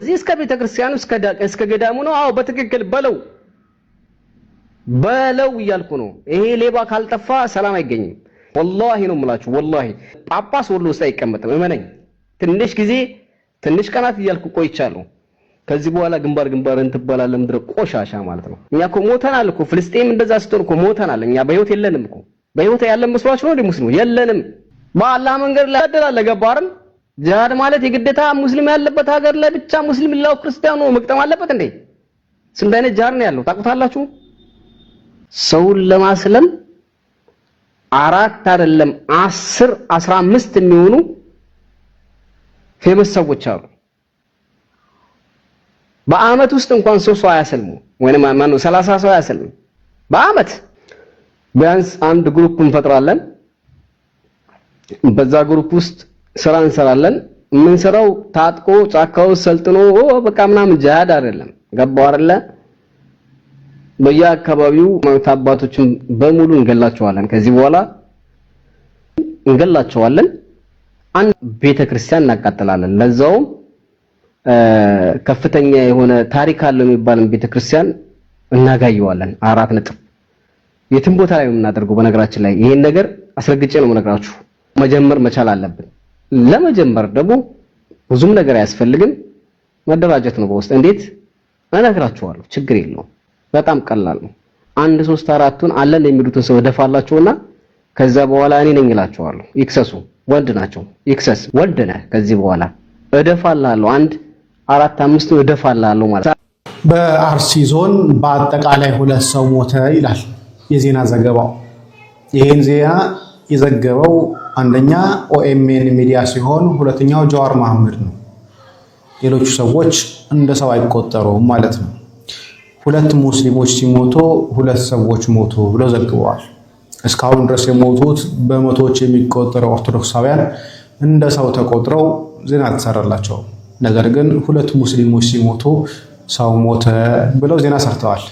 እዚህ እስከ ቤተ ክርስቲያኑ እስከ ገዳሙ ነው። አዎ በትክክል በለው በለው እያልኩ ነው። ይሄ ሌባ ካልጠፋ ሰላም አይገኝም። ወላሂ ነው የምላችሁ። ወላሂ ጳጳስ ወሎ ውስጥ አይቀመጥም። እመነኝ። ትንሽ ጊዜ ትንሽ ቀናት እያልኩ ቆይቻለሁ። ከዚህ በኋላ ግንባር ግንባር እንትባላለን። ምድረ ቆሻሻ ማለት ነው። እኛ እኮ ሞተናል እኮ ፍልስጤም እንደዛ ስትሆን እኮ ሞተናል። እኛ በህይወት የለንም እኮ በህይወት ያለን መስሏችሁ ነው ዲሙስ ነው የለንም። በአላህ መንገድ ላይ ያደላለ ገባርም ጂሃድ ማለት የግዴታ ሙስሊም ያለበት ሀገር ላይ ብቻ ሙስሊም ላው ክርስቲያኑ መቅጠም አለበት እንዴ? ስንት አይነት ጂሃድ ነው ያለው ታውቁታላችሁ? ሰውን ለማስለም አራት አይደለም አስር አስራ አምስት የሚሆኑ ፌመስ ሰዎች አሉ። በአመት ውስጥ እንኳን ሰው ሰው አያሰልሙ ወይንም ነው ሰላሳ ሰው አያሰልሙ። በአመት ቢያንስ አንድ ግሩፕ እንፈጥራለን። በዛ ግሩፕ ውስጥ ስራ እንሰራለን። የምንሰራው ታጥቆ ጫካው ሰልጥኖ በቃ ምናምን ጅሃድ አይደለም። ገባው አይደለ? በየአካባቢው ማለት አባቶችን በሙሉ እንገላቸዋለን። ከዚህ በኋላ እንገላቸዋለን። አንድ ቤተክርስቲያን እናቃጥላለን። ለዛውም ከፍተኛ የሆነ ታሪክ አለው የሚባልን ቤተክርስቲያን እናጋየዋለን። አራት ነጥብ የትም ቦታ ላይ የምናደርገው በነገራችን ላይ ይሄን ነገር አስረግጬ ነው የምነግራችሁ። መጀመር መቻል አለብን። ለመጀመር ደግሞ ብዙም ነገር አያስፈልግም። መደራጀት ነው በውስጥ እንዴት እነግራችኋለሁ። ችግር የለውም። በጣም ቀላል ነው። አንድ ሶስት አራቱን አለን የሚሉትን ሰው ደፋላችሁና ከዛ በኋላ እኔ ነኝ እላችኋለሁ። ይክሰሱ ወንድ ናቸው። ይክሰስ ወንድ ነህ። ከዚህ በኋላ እደፋላለሁ። አንድ አራት አምስት እደፋላለሁ ማለት በአርሲ ዞን በአጠቃላይ ሁለት ሰው ሞተ ይላል የዜና ዘገባው። ይህን ዜና የዘገበው አንደኛ ኦኤምኤን ሚዲያ ሲሆን ሁለተኛው ጀዋር መሐመድ ነው። ሌሎቹ ሰዎች እንደ ሰው አይቆጠሩም ማለት ነው። ሁለት ሙስሊሞች ሲሞቱ ሁለት ሰዎች ሞቱ ብለው ዘግበዋል። እስካሁን ድረስ የሞቱት በመቶዎች የሚቆጠረው ኦርቶዶክሳውያን እንደ ሰው ተቆጥረው ዜና አልተሰራላቸውም። ነገር ግን ሁለት ሙስሊሞች ሲሞቱ ሰው ሞተ ብለው ዜና ሰርተዋል።